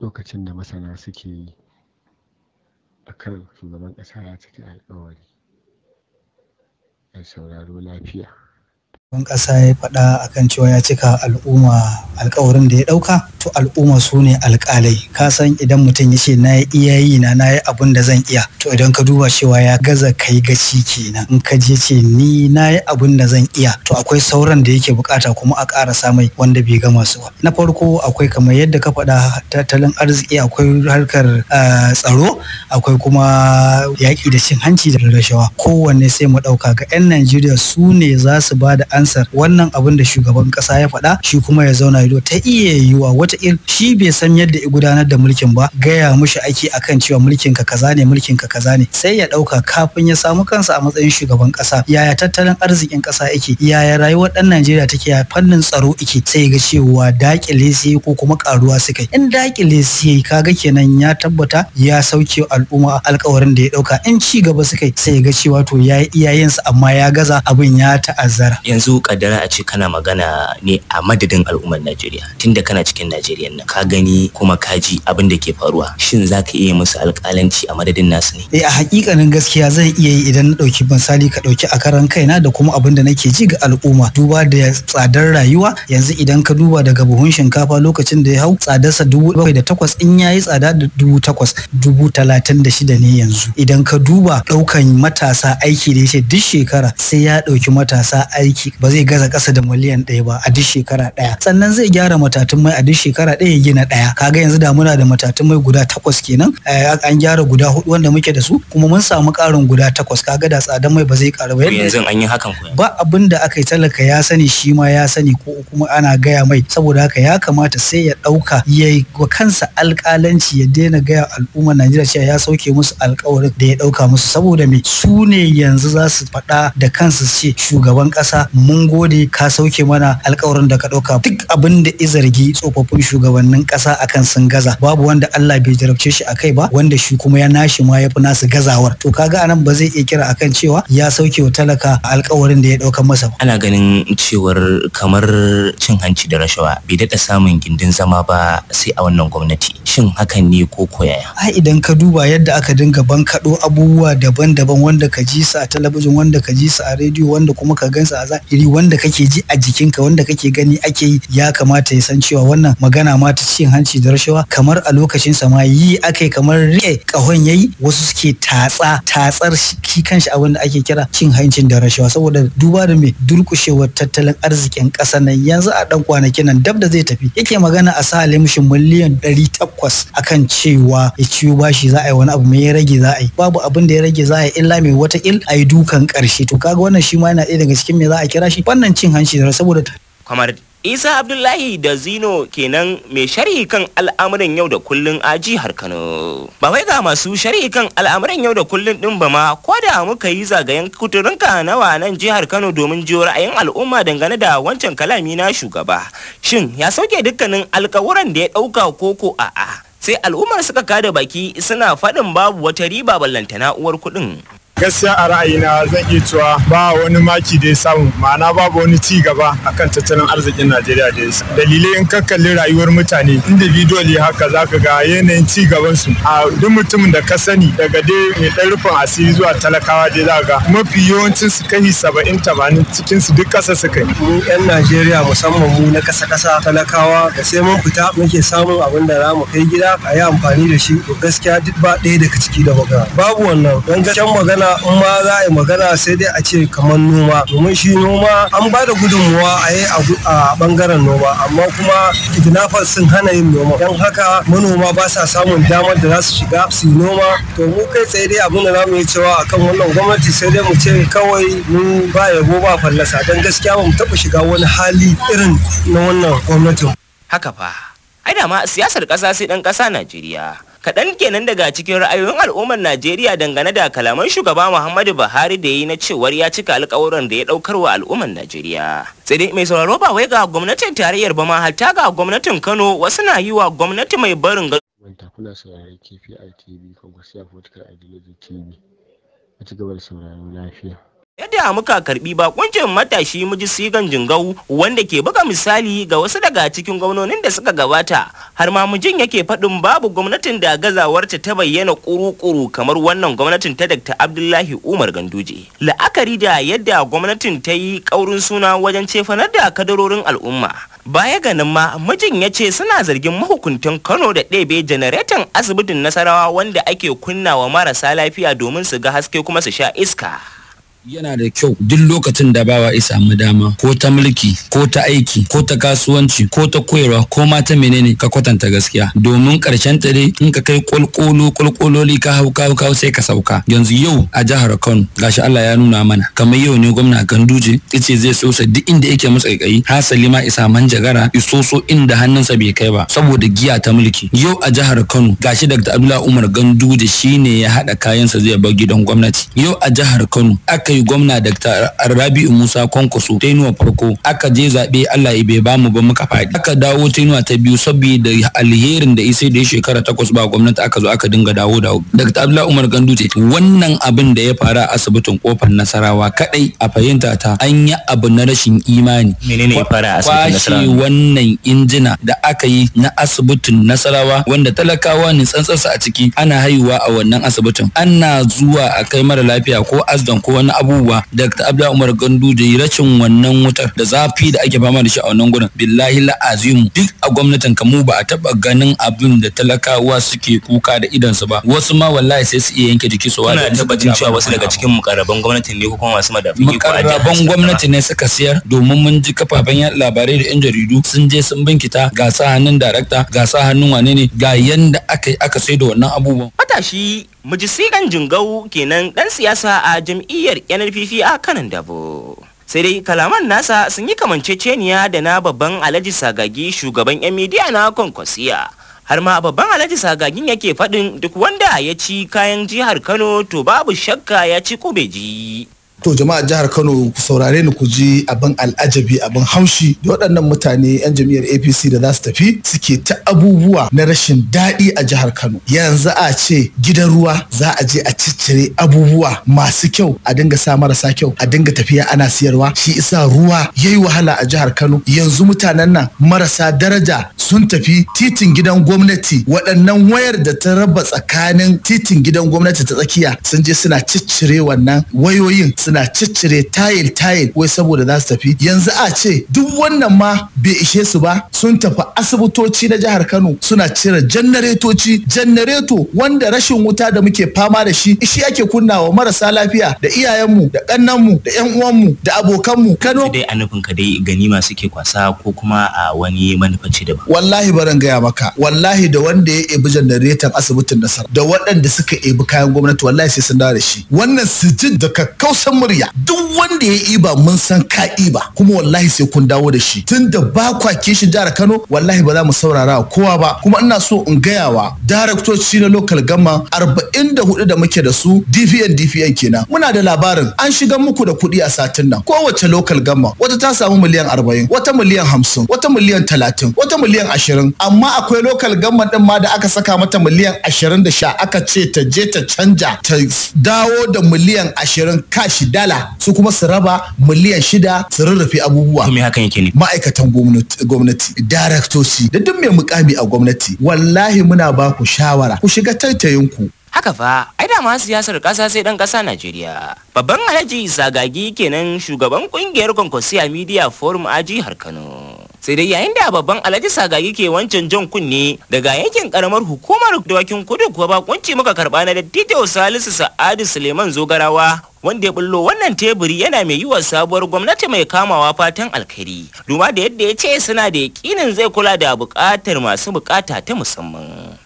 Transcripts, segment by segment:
lokacin da masana suke yi a kan shugaban ƙasa ya cika alkawari a sauraro lafiya. Shugaban ƙasa ya faɗa akan cewa ya cika al'umma alkawarin da ya ɗauka wasu al'umma su ne alƙalai ka san idan mutum ya ce na yi iyayi na na yi abin da zan iya to idan ka duba cewa ya gaza kai gaci kenan in ka je ce ni na yi abin da zan iya to akwai sauran da yake bukata kuma a ƙarasa mai wanda bai gama su ba na farko akwai kamar yadda ka faɗa tattalin arziki akwai harkar eh, tsaro akwai kuma yaƙi da cin hanci da rashawa kowanne sai mu ɗauka ga 'yan najeriya su ne za su ba da ansar wannan abin da shugaban ƙasa ya faɗa shi kuma ya zauna ido ta iya yiwuwa wata in shi bai san yadda ya gudanar da mulkin ba gaya mushi ake akan cewa mulkin ka kaza ne mulkin ka kaza ne sai ya dauka kafin ya samu kansa a matsayin shugaban kasa yaya tattalin arzikin kasa yake yaya rayuwar dan Najeriya take ya fannin tsaro yake sai ga cewa dakile sai ko kuma karuwa suka in dakile sai kaga kenan ya tabbata ya sauke al'umma alkawarin da ya dauka in ci gaba suka sai ga cewa to yayi iyayensa amma ya gaza abin ya ta'azzara yanzu kadara a ce kana magana ne a madadin al'ummar Najeriya tunda kana cikin Najeriya na ka gani kuma ka ji abin da ke faruwa shin za ka iya musu alƙalanci a madadin nasu ne eh a hakikanin gaskiya zan iya yi idan na ɗauki misali ka ɗauki a karan kaina da kuma abin da nake ji ga al'umma duba da tsadar rayuwa yanzu idan ka duba daga buhun shinkafa lokacin da ya hau tsadarsa dubu bakwai da takwas in ya yi tsada da dubu takwas dubu talatin da shida ne yanzu idan ka duba ɗaukan matasa aiki da yace duk shekara sai ya ɗauki matasa aiki ba zai gaza ƙasa da miliyan ɗaya ba a duk shekara ɗaya sannan zai gyara matatun mai a duk shekara ɗaya ya gina ɗaya kaga yanzu da muna da matatun mai guda takwas kenan eh, an gyara guda hudu wanda muke da su kuma mun samu karin guda takwas kaga da tsadan mai ba zai karu ba yanzu an yi hakan ba abin da aka yi talaka ya sani shi ma ya sani ko kuma ana gaya mai saboda haka ya kamata sai ya ɗauka ya wa kansa alƙalanci ya daina gaya al'ummar Najeriya cewa ya sauke musu alƙawarin da ya ɗauka musu saboda me su ne yanzu za su faɗa da kansu ce shugaban ƙasa mun gode ka sauke mana alƙawarin da ka ɗauka duk abin da zargi tsofaffin shugabannin ƙasa akan sun gaza babu wanda Allah bai jarabce shi akai ba wanda shi kuma ya nashi ma ya fi nasu gazawar to kaga anan ba zai iya kira akan cewa ya sauke wa talaka alkawarin da ya ɗaukar masa ana ganin cewar kamar cin hanci da rashawa bai daɗa samun gindin zama ba sai a wannan gwamnati shin hakan ne ko koyaya ai idan ka duba yadda aka dinga bankaɗo abubuwa daban-daban wanda ka ji su a talabijin wanda ka ji su a rediyo wanda kuma ka gansa a zahiri wanda kake ji a jikinka wanda kake gani ake yi ya kamata ya san cewa wannan magana ma ta cin hanci da rashawa kamar a lokacin sa ma yi akai kamar rike kahon yayi wasu suke tatsa tatsar shi kanshi abin da ake kira cin hancin da rashawa saboda duba da mai durkushewar tattalin arzikin ƙasar nan yanzu a dan kwanakin nan dab da zai tafi yake magana a sa alamishin miliyan ɗari takwas akan cewa ya ciwo bashi za a yi wani abu mai ya rage za a yi babu abin da ya rage za a yi illa mai wata il a yi dukan ƙarshe to kaga wannan shi ma yana ɗaya daga cikin me za a kira shi wannan cin hanci da saboda Kamar isa abdullahi da zino kenan mai sharhi kan al'amuran yau da kullun a jihar kano ba wai ga masu sharhi kan al'amuran yau da kullun din ba ma ko da muka yi zagayen kuturinka nawa nan jihar kano domin jiyo ra'ayin al'umma dangane da wancan kalami na shugaba shin ya sauke dukkanin alkawuran da ya ɗauka koko a'a sai al'ummar suka kada baki suna faɗin babu wata riba ballantana uwar kuɗin gaskiya a ra'ayina zan iya cewa ba wani maki da ya samu ma'ana babu wani ci gaba akan tattalin arzikin najeriya da ya dalilai in ka kalli rayuwar mutane individually haka zaka ga yanayin ci gaban su a duk mutumin da ka sani daga dai mai dan rufin asiri zuwa talakawa dai za ga mafi yawancin su kai saba'in tamanin cikin su duk kasa suka yi. mu yan najeriya musamman mu na kasa kasa talakawa da sai mun fita muke samun abin da za mu kai gida a yi amfani da shi gaskiya duk ba ɗaya daga ciki da magana babu wannan don gaskiyan magana magana in ma za a yi magana sai dai a ce kamar noma domin shi noma an ba da gudunmuwa a yi a bangaren noma amma kuma kidnappers sun hana yin noma don haka manoma ba sa samun damar da za su shiga su yi noma to mu kai tsaye dai abin da za mu yi cewa akan wannan gwamnati sai dai mu ce kawai mu ba yabo ba fallasa don gaskiya ba mu taɓa shiga wani hali irin na wannan gwamnatin. Haka fa, ai da ma siyasar ƙasa sai ɗan ƙasa Najeriya. kaɗan kenan daga cikin ra'ayoyin al'ummar najeriya dangane da kalaman shugaba muhammadu buhari da yi na cewar ya cika alkawuran da ya ɗaukar wa al'ummar najeriya sai dai mai sauraro ba wai ga gwamnatin tarayyar ba ma hatta ga gwamnatin kano wasu na yi wa gwamnati mai barin Wanta kuna sauraron kpi tv kwankwasiya tv a cigaba da sauraron lafiya Yadda muka karbi bakuncin matashi mujisigan jingau wanda ke buga misali ga wasu daga cikin gwamnonin da suka gabata har ma mujin yake faɗin babu gwamnatin da gazawarta ta bayyana kuru-kuru kamar wannan gwamnatin ta Dr. Abdullahi Umar Ganduje. La'akari da yadda gwamnatin ta yi ƙaurin suna wajen cefanar da kadarorin al'umma. Baya ga nan ma mijin ya ce suna zargin mahukuntan Kano da ɗebe Janaretan asibitin Nasarawa wanda ake kunnawa marasa lafiya domin su ga haske kuma su sha iska. yana da kyau duk lokacin da bawa ya samu dama ko ta mulki ko ta aiki ko ta kasuwanci ko ta koyarwa ko ma ta menene ka kwatanta gaskiya domin karshen ta dai in ka kai kwalkolo kwalkololi ka hau ka hau sai ka sauka yanzu yau a jihar Kano gashi Allah ya nuna mana kamar yau ne gwamna Ganduje yace zai sosa duk inda yake masa kai hasali ma isa manjagara isoso inda hannunsa bai kai ba saboda giya ta mulki yau a jihar Kano gashi Dr. Abdullahi Umar Ganduje shine ya hada kayansa zai bar gidan gwamnati yau a jihar Kano aka mai gwamna Dr. Rabi'u Musa Kwankwaso inuwa farko aka je zaɓe Allah ya bai bamu ba muka faɗi. Aka dawo ta inuwa ta biyu saboda alherin da isai da ya shekara takwas ba gwamnati aka zo aka dinga dawo dawo. Dr. Abdullahi Umar ce. wannan abin da ya faru a asibitin kofar Nasarawa kaɗai a fahimta ta an yi abu na rashin imani. Menene ya faru a asibitin Nasarawa? Kwashe wannan injina da aka yi na asibitin Nasarawa wanda talakawa ne tsantsarsa a ciki ana haihuwa a wannan asibitin. Ana zuwa a kai mara lafiya ko asdan ko wani abu abubuwa Dr. Abda Umar da rashin wannan wutar da zafi da ake fama da shi a wannan gurin billahi la'azimu duk a gwamnatin kamu ba a taba ganin abin da talakawa suke kuka da idansu ba wasu ma wallahi sai su iya yanke jiki su wani tabbacin cewa wasu daga cikin mukarraban gwamnatin ne ko kuma masu madafi mukarraban gwamnati ne suka siyar domin mun ji kafafen labarai da yan jaridu sun je sun binkita ga sa hannun darakta ga sa hannun wane ne ga yanda aka aka sai da wannan abubuwan matashi mujisigan jingau kenan dan siyasa a jam'iyyar nnpp a kanan dabo sai dai kalaman nasa sun yi kamanceceniya da na babban alhaji sagagi shugaban yan midiya na kwankwasiya. har ma babban alhaji sagagin yake faɗin duk wanda ya ci kayan jihar kano to babu shakka ya ci kubeji To jama'a jihar Kano ku saurare ni ku ji abin al'ajabi abin haushi da waɗannan mutane 'yan jam'iyyar APC da za su tafi suke ta abubuwa na rashin daɗi a jihar Kano. Yanzu a ce gidan ruwa za a je a ciccire abubuwa masu kyau a dinga sa marasa kyau a dinga tafiya ana siyarwa shi isa ruwa yayi wahala a jihar Kano. Yanzu mutanen nan marasa daraja sun tafi titin gidan gwamnati waɗannan wayar da ta raba tsakanin titin gidan gwamnati ta tsakiya sun je suna ciccire wannan wayoyin suna ciccire tayil tayil wai saboda za su tafi yanzu a ce duk wannan ma bai ishe su ba sun tafi asibitoci na jihar Kano suna cire janaretoci janareto wanda rashin wuta da muke fama da shi shi ake kunnawa marasa lafiya da iyayenmu da kannanmu da yan uwanmu da abokanmu Kano dai a nufin ka dai gani masu suke kwasa ko kuma a wani manufaci daban wallahi baran gaya maka wallahi da wanda ya ebi janaretan asibitin nasara da waɗanda suka ebi kayan gwamnati wallahi sai sun dawo da shi wannan sijin da kakkausan murya duk wanda ya iba mun san ka iba kuma wallahi sai kun dawo da shi tun ba kwa kishi jihar Kano wallahi ba za mu saurara kowa ba kuma ina so in gaya wa daraktoci na local gama 44 da hudu da muke da su DPN DPN kenan muna da labarin an shiga muku da kuɗi a satin nan kowace local gama wata ta samu miliyan 40 wata miliyan 50 wata miliyan 30 wata miliyan 20 amma akwai local gama din ma da aka saka mata miliyan ashirin da sha aka ce ta je ta canja ta dawo da miliyan ashirin kashi dala su kuma su raba miliyan shida su rarrafe abubuwa me hakan yake ne ma'aikatan gwamnati daraktoci da duk mai mukami a gwamnati wallahi muna ba ku shawara ku shiga taitayin ku haka fa ai da ma siyasar ƙasa sai ɗan ƙasa Najeriya babban Alhaji Sagagi kenan shugaban kungiyar Konkosiya Media Forum a jihar Kano sai dai yayin da babban alhaji sagagi ke wancan jan kunne daga yankin karamar hukumar dawakin kudu kuwa bakunci muka karba na dattijo salisu sa'adu suleiman zogarawa wanda ya bullo wannan teburi yana mai yiwa sabuwar gwamnati mai kamawa fatan alkhairi duma da yadda ya ce suna da yakinin zai kula da bukatar masu bukata ta musamman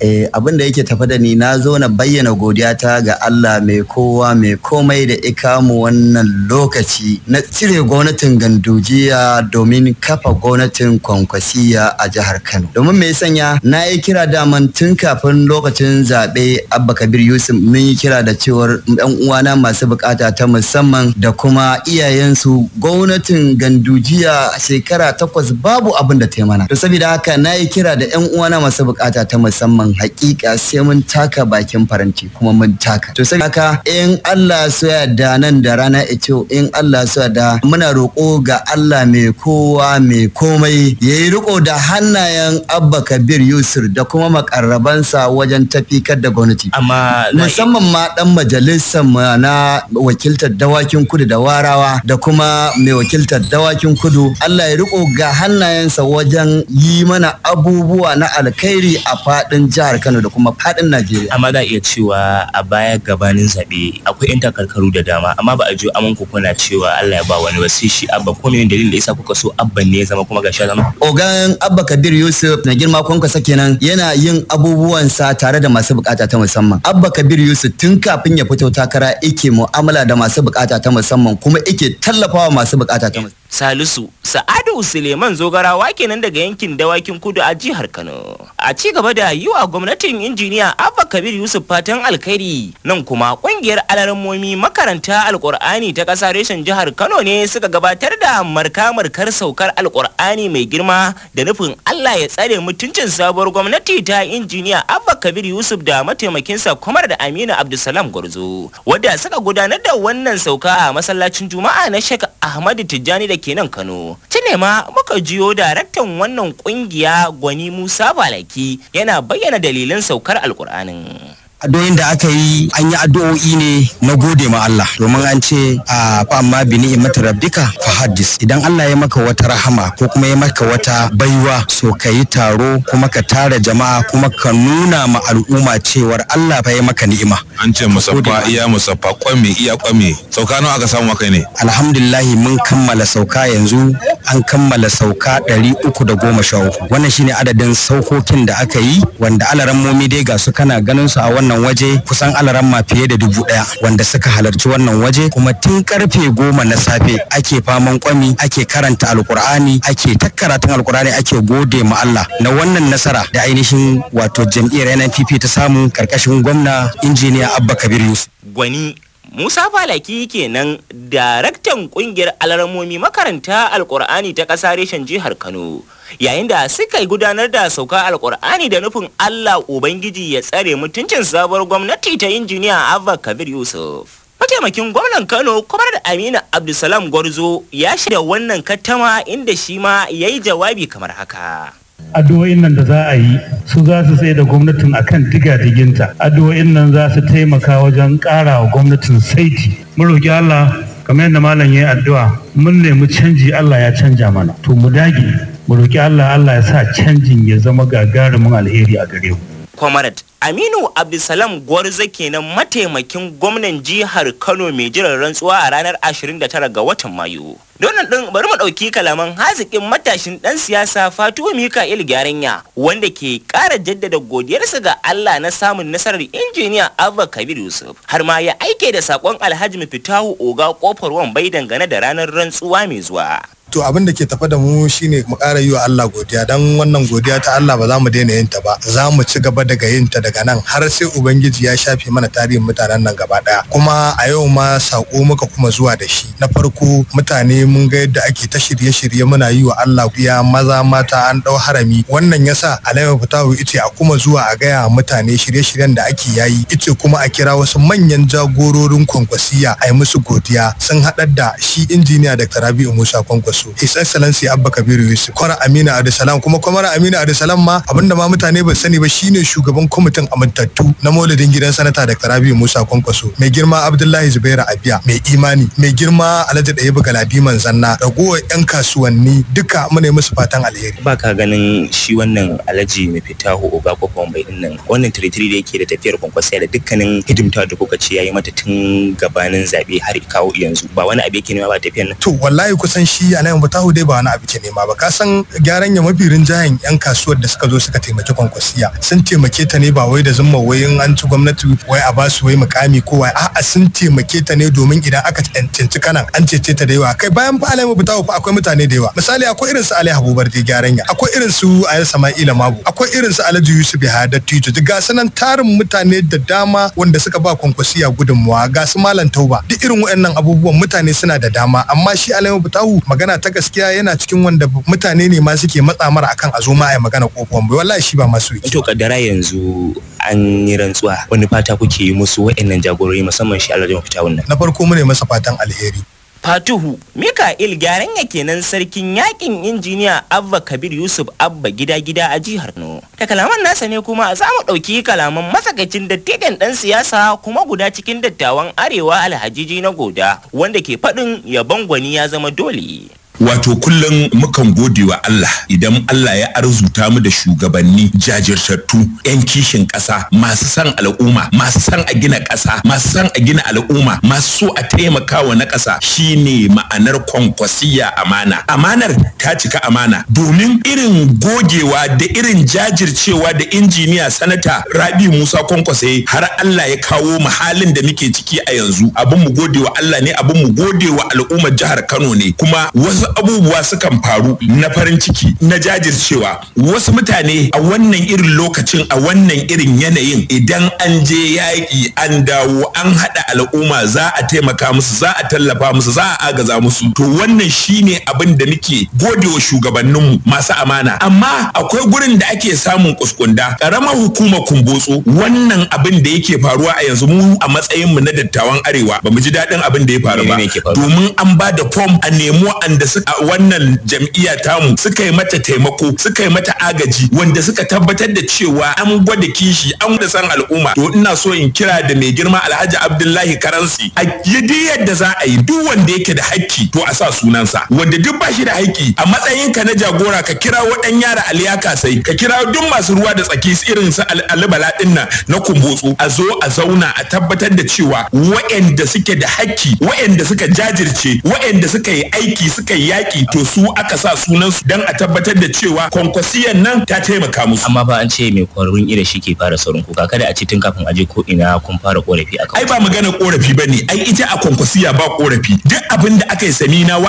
Eh, abin da yake tafa da ni na zo na bayyana godiyata ga Allah mai kowa mai komai da ikamu wannan lokaci na cire gwamnatin gandujiya domin kafa gwamnatin kwankwasiya a jihar Kano. Domin mai sanya na yi kira daman tun kafin lokacin zaɓe Abba Kabir Yusuf mun yi kira da cewar ɗan uwana masu bukata ta musamman da kuma iyayensu gwamnatin gandujiya shekara takwas babu abin da ta mana. To saboda haka na yi kira da ƴan uwana masu bukata ta musamman samun hakika sai mun taka bakin faranti kuma mun taka to sai haka in Allah so ya da nan da rana ito in Allah so da muna roƙo ga Allah mai kowa mai komai yayi riko da hannayen Abba Kabir Yusuf da kuma makarrabansa wajen tafikar da gwamnati amma musamman ma dan majalisar na wakiltar dawakin kudu da warawa da kuma mai wakiltar dawakin kudu Allah ya riko ga hannayensa wajen yi mana abubuwa na alkhairi a fadin. jihar Kano da kuma fadin Najeriya. Amma za a iya cewa a baya gabanin zaɓe akwai 'yan takarkaru da dama amma ba a ji aman ku kuna cewa Allah ya ba wani ba sai shi abba ko menene dalilin da yasa kuka so abban ne ya zama kuma gashi zama. Ogan Abba Kabir Yusuf na girma kwankwasa kenan yana yin abubuwansa tare da masu bukata ta musamman. Abba Kabir Yusuf tun kafin ya fito takara yake mu'amala da masu bukata ta musamman kuma yake tallafawa masu bukata ta musamman. Salisu Sa'adu Suleiman Zogarawa kenan daga yankin dawakin kudu a jihar Kano. A ci gaba da yi wa gwamnatin injiniya Abba Kabir Yusuf fatan alkhairi nan kuma kungiyar alarmomi makaranta alkur'ani ta ƙasa reshen jihar Kano ne suka gabatar da marka-markar saukar alkur'ani mai girma da nufin Allah ya tsare mutuncin sabuwar gwamnati ta injiniya Abba Kabir Yusuf da mataimakinsa Kwamar da Aminu Abdulsalam Gwarzo wadda suka gudanar da wannan sauka a masallacin Juma'a na Sheikh Ahmadu Tijjani da ke nan Kano. Tune ma muka jiyo daraktan wannan kungiya Gwani Musa Balaki yana bayyana dalilan saukar Alkur'anin. addu'o'in da aka yi an yi addu'o'i ne na gode ma Allah domin an ce a fa amma bi ni'imati rabbika fa hadis idan Allah ya maka wata rahama ko kuma ya maka wata baiwa so ka yi taro kuma ka tara jama'a kuma ka nuna ma al'umma cewar Allah fa ya maka ni'ima an ce musaffa iya musaffa kwame iya kwame sauka nawa aka samu kai ne alhamdulillah mun kammala sauka yanzu an kammala sauka ɗari uku da goma wannan shine adadin saukokin da aka yi wanda alaran momi dai ga su kana ganin su a wannan wannan waje kusan alaramma fiye da dubu ɗaya wanda suka halarci wannan waje kuma tun karfe goma na safe ake faman kwami ake karanta alkur'ani ake ta karatun alkur'ani ake gode ma Allah na wannan nasara da ainihin wato jam'iyyar NNPP ta samu karkashin gwamna injiniya Abba Kabir Yusuf. Gwani Musa Falaki kenan daraktan kungiyar alarmomi makaranta alkur'ani ta ƙasa reshen jihar Kano. yayin da suka yi gudanar da sauka alkur'ani da nufin allah ubangiji ya tsare mutuncin sabuwar gwamnati ta injiniya abba kabir yusuf mataimakin gwamnan kano kwamar da amina abdulsalam gwarzo ya shirya wannan kattama, inda shi ma ya yi jawabi kamar haka addu'o'in nan da za a yi su za su tsaye da gwamnatin akan diga-diginta addu'o'in nan za su taimaka wajen ƙara wa gwamnatin saiti mu roƙi allah kamar yadda malam ya yi addu'a mun nemi canji allah ya canja mana to mu dage mu roki Allah Allah ya sa canjin ya zama gagarumin alheri a gare mu Comrade Aminu Abdulsalam Gwarza kenan mataimakin gwamnan jihar Kano mai jiran rantsuwa a ranar 29 ga watan Mayu. Donald din, bari mu ɗauki kalaman haziƙin matashin ɗan siyasa Fatuwa Mika'il Gyaranya wanda ke ƙara jaddada godiyarsa ga Allah na samun nasarar injiniya Abba Kabir Yusuf har ma ya aike da saƙon Alhaji Mufitahu Oga ƙofar wan bai dangane da ranar rantsuwa mai zuwa. to abin da ke tafa da mu shine mu ƙara yi wa Allah godiya don wannan godiya ta Allah ba za mu daina yin ta ba za mu ci gaba daga yin ta daga nan har sai ubangiji ya shafe mana tarihin mutanen nan gaba ɗaya. kuma a yau ma sako muka kuma zuwa da shi na farko mutane mun ga yadda ake ta shirye-shirye muna yi wa Allah biya maza mata an ɗau harami wannan yasa Alaihi Fatahu ice a kuma zuwa a gaya mutane shirye-shiryen da ake yayi ice kuma a kira wasu manyan jagororin kwankwasiya a yi musu godiya sun haɗar da shi injiniya Dr. Rabi'u Musa Kwankwasi. su his excellency abba kabiru yusuf kwara amina adesalam kuma kwamara amina adesalam ma abinda ma mutane ba sani ba shine shugaban kwamitin amintattu na maulidin gidan sanata da rabiu musa kwankwaso mai girma abdullahi zubairu abiya mai imani mai girma alhaji ɗaya galadi manzanna ragowar yan kasuwanni duka muna musu fatan alheri ba ka ganin shi wannan alhaji mai fitahu oga kofa bai nan wannan tiritiri da yake da tafiyar kwankwasa da dukkanin hidimta da kuka ce yayi mata tun gabanin zabe har kawo yanzu ba wani abu yake nema ba tafiyar nan to wallahi kusan shi a yayin batahu dai ba wani abu ke nema ba kasan gyaran ya mafi rinjayen yan kasuwar da suka zo suka taimaki kwankwasiya sun taimake ta ne ba wai da zumma wai in an ci gwamnati wai a ba su wai mukami ko wai a'a sun taimake ta ne domin idan aka cancanci kanan an cece ta da yawa kai bayan fa alamu batahu fa akwai mutane da yawa misali akwai irin su Ali Habubar da gyaran ya akwai irin su Ayar Sama'ila Mabu akwai irin su Alhaji Yusuf Yahaya Tijo duk ga sanan tarin mutane da dama wanda suka ba kwankwasiya gudunmuwa ga su Malam Tauba duk irin waɗannan abubuwan mutane suna da dama amma shi Alamu Batahu magana ta gaskiya yana cikin wanda mutane ne ma suke matsa mara akan a zo ma a magana ko bombe wallahi shi ba masu yi. to kaddara yanzu an yi rantsuwa wani fata kuke yi musu wa'annan jagorori musamman shi ya fita wannan na farko mu masa fatan alheri Fatuhu Mika'il ya kenan sarkin yakin injiniya Abba Kabir Yusuf Abba gida-gida a jihar Nuhu. Da kalaman nasa ne kuma a mu ɗauki kalaman matsakaicin dattijan ɗan siyasa kuma guda cikin dattawan Arewa Alhajiji na Goda wanda ke faɗin yabon gwani ya zama dole. wato kullum mukan gode wa Allah idan Allah ya arzuta mu da shugabanni jajirtattu yan kishin ƙasa masu san al'umma masu san a gina ƙasa masu san a gina al'umma masu so a taimakawa na ƙasa shine ma'anar kwankwasiya amana amanar ta cika amana domin irin gogewa da irin jajircewa da injiniya sanata rabi musa kwankwase har Allah ya kawo mu halin da muke ciki a yanzu abin mu gode wa Allah ne abin mu gode wa al'ummar jihar Kano ne kuma wasu abubuwa sukan faru na farin ciki na jajircewa wasu mutane a wannan irin lokacin a wannan irin yanayin idan an je yaƙi an dawo an haɗa al'umma za a taimaka musu za a tallafa musu za a agaza musu to wannan shine abin da nake godewa shugabanninmu masu amana amma akwai gurin da ake samun kuskunda karamar hukumar kumbotso wannan abin da yake faruwa a yanzu mu a matsayin mu na dattawan arewa ba mu ji daɗin abin da ya faru ba domin an ba da fom a nemo an da suka A wannan jam'iyya tamu suka yi mata taimako suka yi mata agaji wanda suka tabbatar da cewa an gwada kishi an gwada san al'umma to ina so in kira da mai girma Alhaji Abdullahi Karansi a yi yadda za a yi duk wanda yake da haƙƙi to a sa sunansa wanda duk ba shi da haƙƙi a matsayinka na jagora ka kira waɗan yara aliyaka sai ka kira duk masu ruwa da tsaki irin su Ali Bala nan na kumbutsu a zo a zauna a tabbatar da cewa wa'anda suke da haƙƙi wa'anda suka jajirce wa'anda suka yi aiki suka yi yaƙi to su aka sa sunansu. su dan a tabbatar da cewa kwankwasiyan nan ta taimaka musu amma ba an ce mai kwarurin ire shi ke fara saurin kuka kada a ce tun kafin aje ko ina kun fara korafi akan ai ba magana korafi ne, ai ita a kwankwasiya ba korafi duk abin da aka yi sami na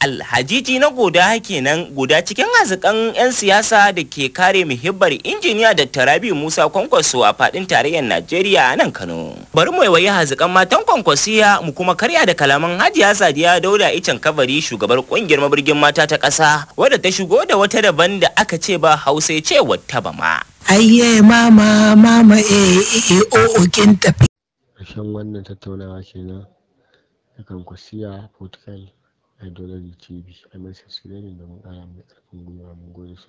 alhajiji na goda kenan guda cikin hazikan 'yan siyasa da ke kare muhibbar injiniya da tarabi musa kwankwaso a fadin tarayyar najeriya a nan kano bari mu yi hazikan matan kwankwasiya mu kuma karya da kalaman hajiya sadiya dauda icen kabari shugabar kungiyar mabirgin mata ta ƙasa wadda ta shigo da wata daban da aka ce ba hausa ce wata ba ma ayye mama mama eh eh, eh o oh, oh, kin tafi wannan tattaunawa kenan da kwankwasiya portugal Idolary TV a Masar Suleiman da mun ƙara mana ƙarfin I'm gode sosai.